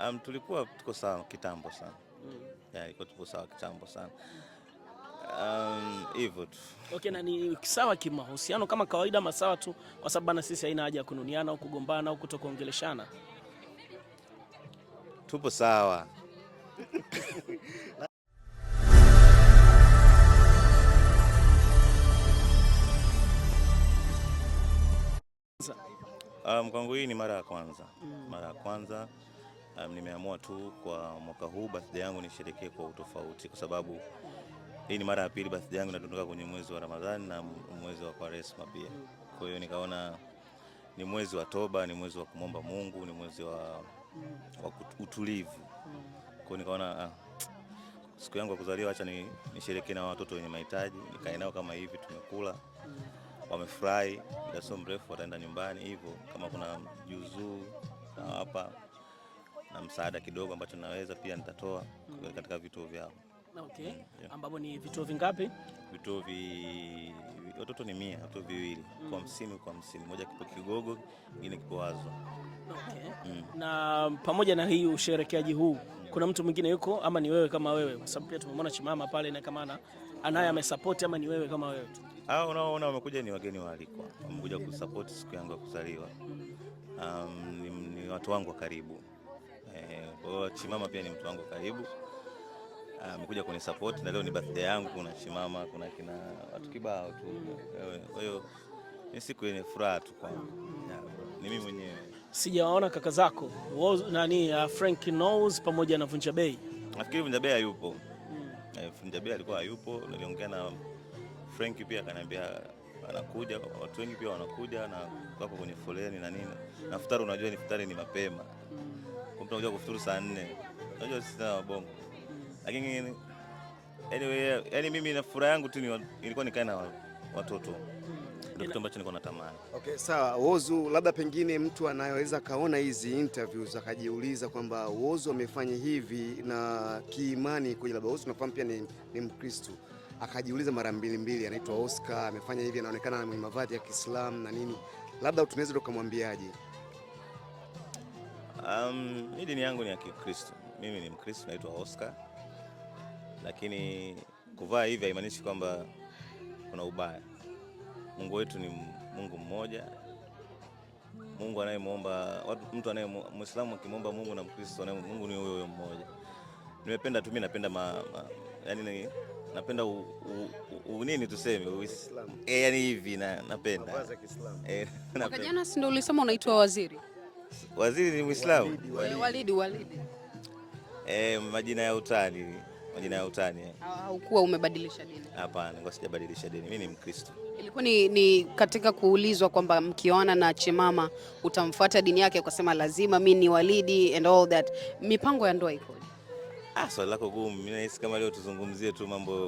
Um, tulikuwa tuko sawa kitambo sana yeah, iko tuko sawa kitambo sana um, hivyo um, tu okay, na ni sawa kimahusiano kama kawaida, masawa tu, kwa sababu na sisi haina haja ya kununiana au kugombana au kutokuongeleshana, tupo sawa Um, kwangu hii ni mara ya kwanza, mm. mara ya kwanza um, nimeamua tu kwa mwaka huu birthday yangu nisherekee kwa utofauti, kwa sababu hii ni mara ya pili birthday yangu inatunduka kwenye mwezi wa Ramadhani na mwezi wa Kwaresma pia. Kwa hiyo nikaona ni mwezi wa toba, ni mwezi wa kumwomba Mungu, ni mwezi wa, wa utulivu. Kwa hiyo nikaona ah, siku yangu ya kuzaliwa acha nisherekee na watoto wenye mahitaji, nikae nao kama hivi, tumekula wamefurahi, muda sio mrefu wataenda nyumbani. Hivyo kama kuna juzuu na hapa na msaada kidogo ambacho naweza pia nitatoa mm. katika vituo vyao. Okay. Mm, yeah. Ambapo ni vituo vingapi? Vituo vi watoto ni mia, watoto viwili mm. kwa msimu kwa msimu, moja kipo Kigogo, ingine kipo Wazo. Okay. Mm. Na pamoja na hii usherekeaji huu kuna mtu mwingine yuko ama ni wewe kama wewe? Kwa sababu pia tumemwona Chimama pale na kama anaye amesapoti ama ni wewe kama wewe tu? Ah, unaona wamekuja ni wageni waalikwa, wamekuja kusupport siku yangu ya kuzaliwa. Mm. Um, ni, ni watu wangu wa karibu. Kwa hiyo Chimama pia ni mtu wangu karibu, ah, amekuja kuni support na leo ni birthday yangu. Kuna Chimama, kuna kina watu kibao tu, kwa hiyo ni siku yenye furaha tu kwa ni mimi mwenyewe. Sijaona kaka zako nani, uh, Frank Knows pamoja na Vunja Bei. Nafikiri Vunja Bei hayupo hmm. Vunja Bei alikuwa hayupo, niliongea na Frank pia akaniambia anakuja, watu wengi pia wanakuja na wako kwenye foleni na nini. Na futari, unajua ni futari ni mapema tunakuja kufuturu saa nne. Unajua sisi na wabongo. Lakini anyway, yani mimi na furaha yangu tu ilikuwa nikae na watoto ndio kitu ambacho nilikuwa natamani. Okay, sawa. wozu labda pengine mtu anayeweza kaona hizi interviews akajiuliza kwamba wozu amefanya hivi na kiimani kwa labda Wozu nafahamu pia ni, ni Mkristo akajiuliza mara mbili mbili, anaitwa Oscar amefanya hivi, anaonekana na mavazi ya Kiislamu na nini, labda tunaweza tukamwambiaje? Um, mi dini yangu ni ya Kikristo. Mimi ni Mkristo, naitwa Oscar, lakini kuvaa hivi haimaanishi kwamba kuna ubaya. Mungu wetu ni Mungu mmoja. Mungu anayemwomba mtu anaye Muislamu akimwomba Mungu na Mkristo anaye Mungu ni huyo huyo mmoja. Nimependa tu mimi napenda ma, ma, yani napenda u, u, u, nini tuseme Uislamu. Eh, yani hivi na napenda. Mavazi ya Kiislamu. Eh, napenda. Jana si ndio ulisema unaitwa Waziri? Waziri ni Muislamu Walidi, Walidi. Eh, majina ya utani, majina ya utani. Haukuwa umebadilisha dini? Hapana, ngo sijabadilisha dini, mimi ni Mkristo. Ilikuwa ni, ni katika kuulizwa kwamba mkioana na chemama utamfuata dini yake, ukasema lazima mimi ni Walidi and all that. Mipango ya ndoa iko? Ah, swali lako gumu. Mimi nahisi kama leo tuzungumzie tu mambo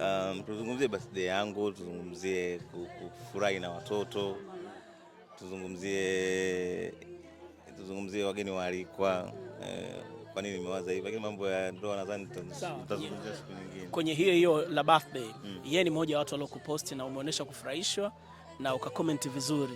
um, tuzungumzie birthday yangu, tuzungumzie kufurahi na watoto tuzungumzie tuzungumzie wageni waalikwa eh, kwa nini nimewaza hivi, lakini mambo ya ndoa nadhani tutazungumzia siku nyingine. Kwenye hiyo hiyo la birthday mm. yeye ni mmoja wa watu waliokuposti na umeonyesha kufurahishwa na ukakomenti vizuri,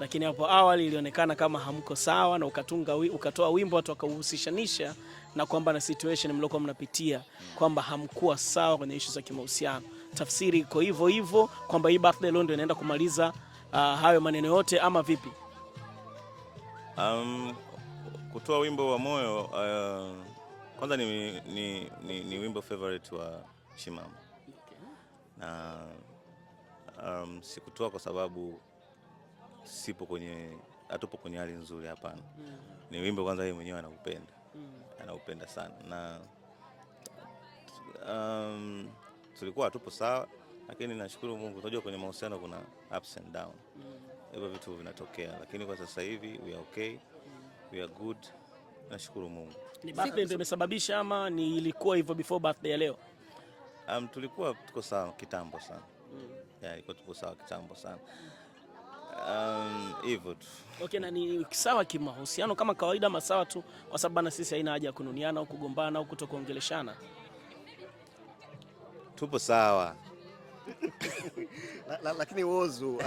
lakini hapo awali ilionekana kama hamko sawa na ukatunga, ukatoa wimbo watu wakahusishanisha na kwamba na situation mliokuwa mnapitia mm. kwamba hamkuwa sawa kwenye ishu za kimahusiano. Tafsiri iko hivyo hivyo kwamba hii birthday leo ndio inaenda kumaliza uh, hayo maneno yote ama vipi? Um, kutoa wimbo wa moyo uh, kwanza ni, ni, ni, ni wimbo favorite wa Shimama okay. Na um, sikutoa kwa sababu sipo kwenye hatupo kwenye hali nzuri, hapana. mm. Ni wimbo kwanza yeye mwenyewe anaupenda. mm. Anaupenda sana na um, tulikuwa hatupo sawa lakini nashukuru Mungu, unajua kwenye mahusiano kuna ups and down, mm. hivyo vitu vinatokea, lakini kwa sasa hivi we are okay, mm. we are good, nashukuru Mungu. Ni birthday ndio imesababisha ama ni ilikuwa hivyo before birthday ya leo? Um, tulikuwa tuko sawa kitambo sana mm. Yeah, ilikuwa tuko sawa kitambo sana um, hivyo tu okay, na ni sawa kimahusiano kama kawaida masawa tu, kwa sababu na sisi haina haja ya kununiana au kugombana au kutokuongeleshana, tupo sawa. la, la, lakini Whozu, uh,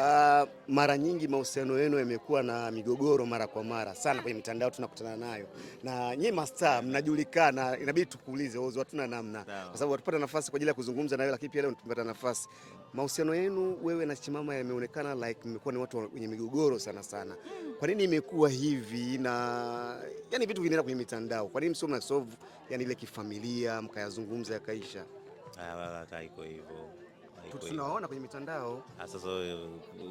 mara nyingi mahusiano yenu yamekuwa na migogoro mara kwa mara sana kwenye mitandao tunakutana nayo, na nyie mastaa mnajulikana, inabidi tukuulize Whozu, hatuna namna kwa sababu hatupata nafasi kwa ajili ya kuzungumza na wewe, lakini pia leo tumepata nafasi. Mahusiano yenu wewe na Chimama yameonekana like mmekuwa ni watu wenye migogoro sana sana. Kwa nini imekuwa hivi? Na yani vitu vinaenda kwenye mitandao, kwa nini sio mnasolve yani ile kifamilia mkayazungumza yakaisha? Ah, wala kaiko hivyo tunaona kwenye mitandao. Ah, sasa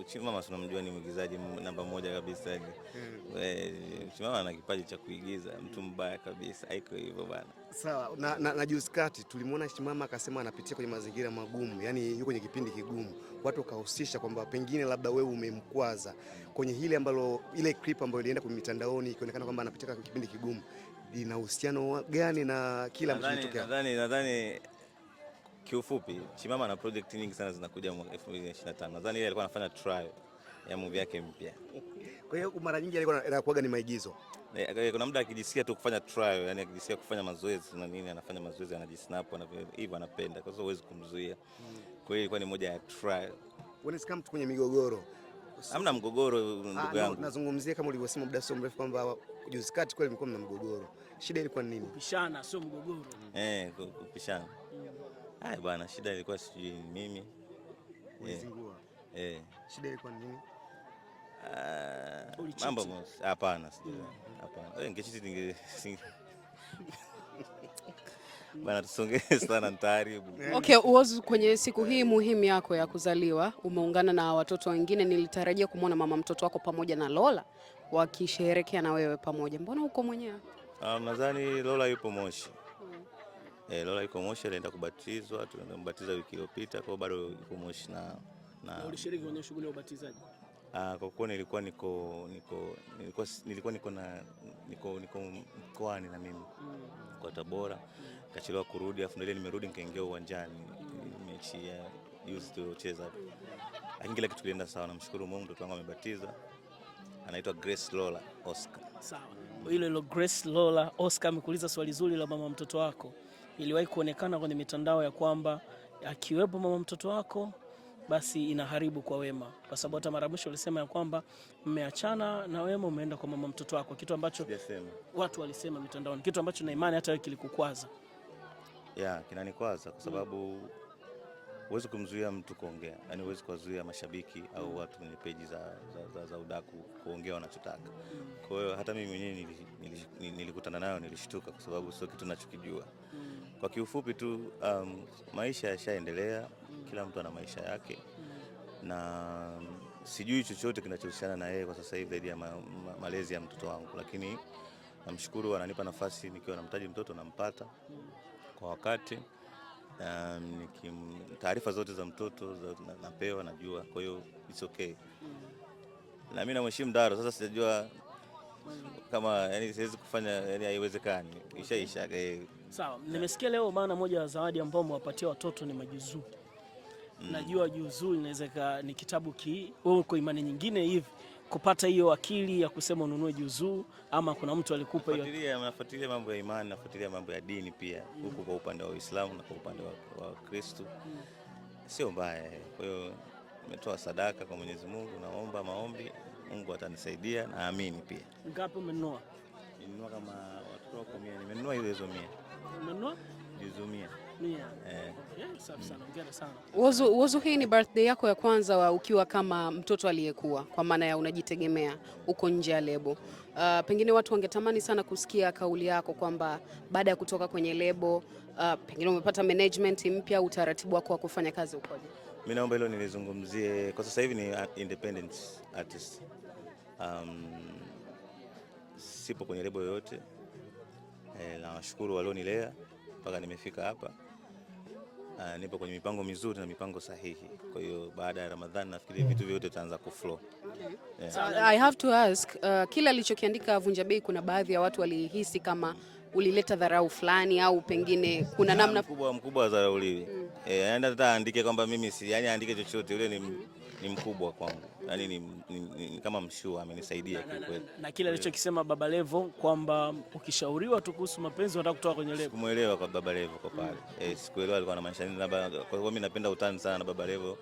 Chimama tunamjua ni mwigizaji namba moja kabisa. Hmm. E, Chimama ana kipaji cha kuigiza, mtu mbaya kabisa, haiko hivyo bana. Sawa na, na, na juzi kati tulimwona Chimama akasema anapitia kwenye mazingira magumu, yani yuko kwenye kipindi kigumu, watu wakahusisha kwamba pengine labda wewe umemkwaza kwenye hili ambalo ile clip ambayo ilienda kwenye mitandaoni ikionekana kwamba anapitia kipindi kigumu, ina uhusiano gani na kila mtu? Nadhani Kiufupi, Chimama na project nyingi sana zinakuja mwaka 2025. Nadhani yeye alikuwa anafanya trial ya movie yake mpya. Kwa hiyo mara nyingi alikuwa anakuaga ni maigizo. Eh, kuna muda akijisikia tu kufanya trial, yani akijisikia kufanya mazoezi na nini anafanya mazoezi anajisnap na hivyo anapenda. Kwa sababu huwezi kumzuia. Hmm. Kwa hiyo ilikuwa ni moja ya trial. When it comes kwenye migogoro. Hamna mgogoro ndugu ah, yangu. Ah, Nazungumzia kama ulivyosema muda sio mrefu kwamba juzi kati kweli mlikuwa mna mgogoro. Shida ilikuwa ni nini? Kupishana sio mgogoro. Eh, kupishana. Ah, bwana, shida ilikuwa sijui ni mimi. Ulizingua. Eh. eh. Shida ilikuwa ni nini? Ah, mambo mos. Hapana, mm. sijui. Hapana. Wewe eh, ngechiti ninge Bana, tusonge sana ntaaribu. Eh. Okay, Uwoz, kwenye siku hii muhimu yako ya kuzaliwa umeungana na watoto wengine. Nilitarajia kumwona mama mtoto wako pamoja na Lola wakisherehekea na wewe pamoja, mbona uko mwenyewe? Ah, nadhani Lola yupo Moshi. E, Lola iko Moshi, alienda kubatizwa, tumembatiza wiki iliyopita, kwa bado iko Moshi na na ulishiriki kwenye shughuli ya ubatizaji? Ah, kwa kuwa nilikuwa niko niko nilikuwa nilikuwa niko na niko niko mkoani na mimi mm. kwa Tabora mm. kachelewa kurudi, afu ndio nimerudi nikaingia uwanjani mm. mechi ya youth tuliocheza hapo, lakini kila kitu kilienda sawa. Namshukuru Mungu, mtoto wangu amebatiza, anaitwa Grace Lola Oscar. Sawa ile ile Grace Lola Oscar amekuuliza swali zuri la mama mtoto wako. Iliwahi kuonekana kwenye mitandao ya kwamba akiwepo mama mtoto wako basi inaharibu kwa Wema, kwa sababu hata mara mwisho walisema ya kwamba mmeachana na Wema umeenda kwa mama mtoto wako, kitu ambacho watu walisema mitandaoni, kitu ambacho na imani hata wewe kilikukwaza. Yeah, kinanikwaza kwa sababu mm huwezi kumzuia mtu kuongea, yani huwezi kuwazuia mashabiki au mm. watu kwenye peji za, za, za, za udaku kuongea wanachotaka. Kwa hiyo hata mimi mwenyewe nilikutana nayo, nilishtuka kwa sababu sio kitu nachokijua. Mm. Kwa kiufupi tu, um, maisha yashaendelea, mm. kila mtu ana maisha yake na sijui chochote kinachohusiana na yeye kwa sasa hivi zaidi ya ma, ma, malezi ya mtoto wangu, lakini namshukuru ananipa nafasi nikiwa namtaji mtoto nampata kwa wakati. Um, taarifa zote za mtoto za, napewa najua, kwa hiyo it's okay mm. Na mimi namheshimu Daro, sasa sijajua kama yani siwezi kufanya yani, haiwezekani ishaisha. Eh. Sawa, nimesikia leo maana moja ya zawadi ambao mewapatia watoto ni majuzuu mm. Najua juzuu inaweza ni kitabu ki wewe, kwa imani nyingine hivi kupata hiyo akili ya kusema ununue juzuu ama kuna mtu alikupa hiyo. Nafuatilia mambo ya imani, nafuatilia mambo ya dini pia huko mm. kwa upande wa Uislamu na kwa upande wa Kristo mm. sio mbaya. Kwa hiyo nimetoa sadaka kwa Mwenyezi Mungu, naomba maombi, Mungu atanisaidia, naamini pia. Ngapi umenunua? Nimenunua kama watoto wako 100, nimenunua hizo 100. Umenunua? jizumia. Eh. Wozu, Wozu, hii ni birthday yako ya kwanza ukiwa kama mtoto aliyekuwa kwa maana ya unajitegemea uko nje ya lebo. Uh, pengine watu wangetamani sana kusikia kauli yako kwamba baada ya kutoka kwenye lebo uh, pengine umepata management mpya, utaratibu wako wa kufanya kazi ukoje? Mimi naomba hilo nilizungumzie. Kwa sasa hivi ni independent artist. Um, sipo kwenye lebo yoyote. E, nawashukuru walionilea mpaka nimefika hapa. Uh, nipo kwenye mipango mizuri na mipango sahihi. Kwa hiyo baada ya Ramadhani nafikiri vitu vyote vitaanza kuflow. Yeah. So, I have to ask uh, kile alichokiandika Vunja Bei, kuna baadhi ya watu walihisi kama ulileta dharau fulani au pengine kuna namna mkubwa mkubwa wa dharau lile. Mm. Eh, aenda yaani aandike kwamba mimi si, yani aandike chochote yule ni mm ni mkubwa kwangu, yaani ni, ni, ni ni kama mshua amenisaidia kwa kweli. Na na, na kile alichokisema Baba Levo kwamba ukishauriwa tu kuhusu mapenzi unataka kutoka kwenye levo. Sikumuelewa kwa Baba Levo kwa pale. mm. Eh, sikuelewa alikuwa anamaanisha nini, labda kwa sababu mimi napenda utani sana na Baba Levo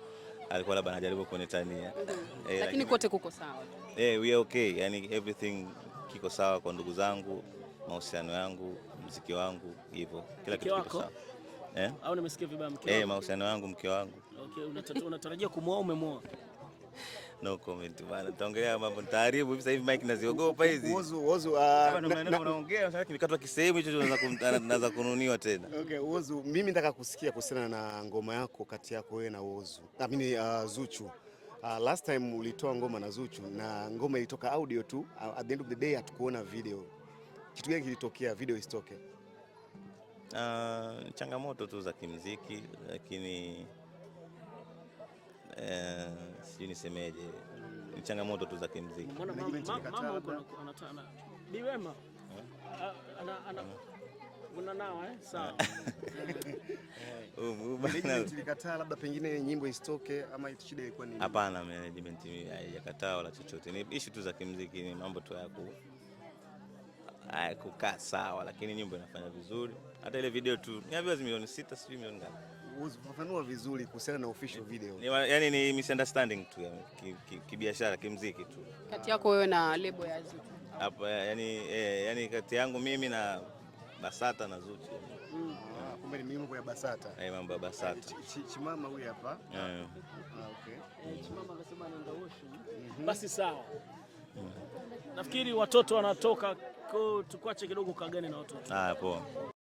alikuwa labda anajaribu kunitania. mm. Eh, lakini kote kuko sawa. Eh, we are okay. Yaani everything kiko sawa kwa ndugu zangu, mahusiano yangu, mziki wangu, hivyo. Kila kitu kiko sawa. Eh? Au nimesikia vibaya mke wangu? Eh, mahusiano yangu, mke wangu. Okay, unatarajia kumwoa umemwoa? No comment bana. Taongelea mambo taaribu hivi sasa hivi Mike naziogopa hizi. Uozo ah, uozo unaongea sasa kimekatwa kisehemu hicho naweza kununiwa tena. Okay, uozo mimi nataka kusikia kuhusiana na ngoma yako kati yako wewe na uozo. I mean uh, Zuchu. Uh, last time ulitoa ngoma na Zuchu na ngoma ilitoka audio tu. Uh, at the end of the day hatukuona video. Kitu gani kilitokea video isitoke? Uh, changamoto tu za kimziki lakini Eh, sijui nisemeje, ni changamoto tu za kimziki. Mama huko anatana Bi Wema labda pengine nyimbo isitoke ama shida ilikuwa nini? Hapana, management haijakataa wala chochote, ni ishu tu za kimziki ni mambo tu ya sawa, lakini nyimbo inafanya vizuri. Hata ile video tu niambiwa milioni sita sijui milioni ngapi uzifafanua vizuri kuhusiana na official video. Ni, yani ni misunderstanding tu kibiashara ki, ki kimziki tu. Kati yako wewe na lebo ya Zuchu. Hapa yani eh, yani kati yangu mimi na Basata na Zuchu. Mm. Ah, kumbe ni mimi kwa Basata. Eh, mambo ya Basata. Chimama huyu hapa. Yeah. Ah, okay. Eh, Chimama akasema anaenda Ocean. Mhm. Basi sawa. Nafikiri watoto wanatoka, tukwache kidogo kagane na watoto. Ah, poa.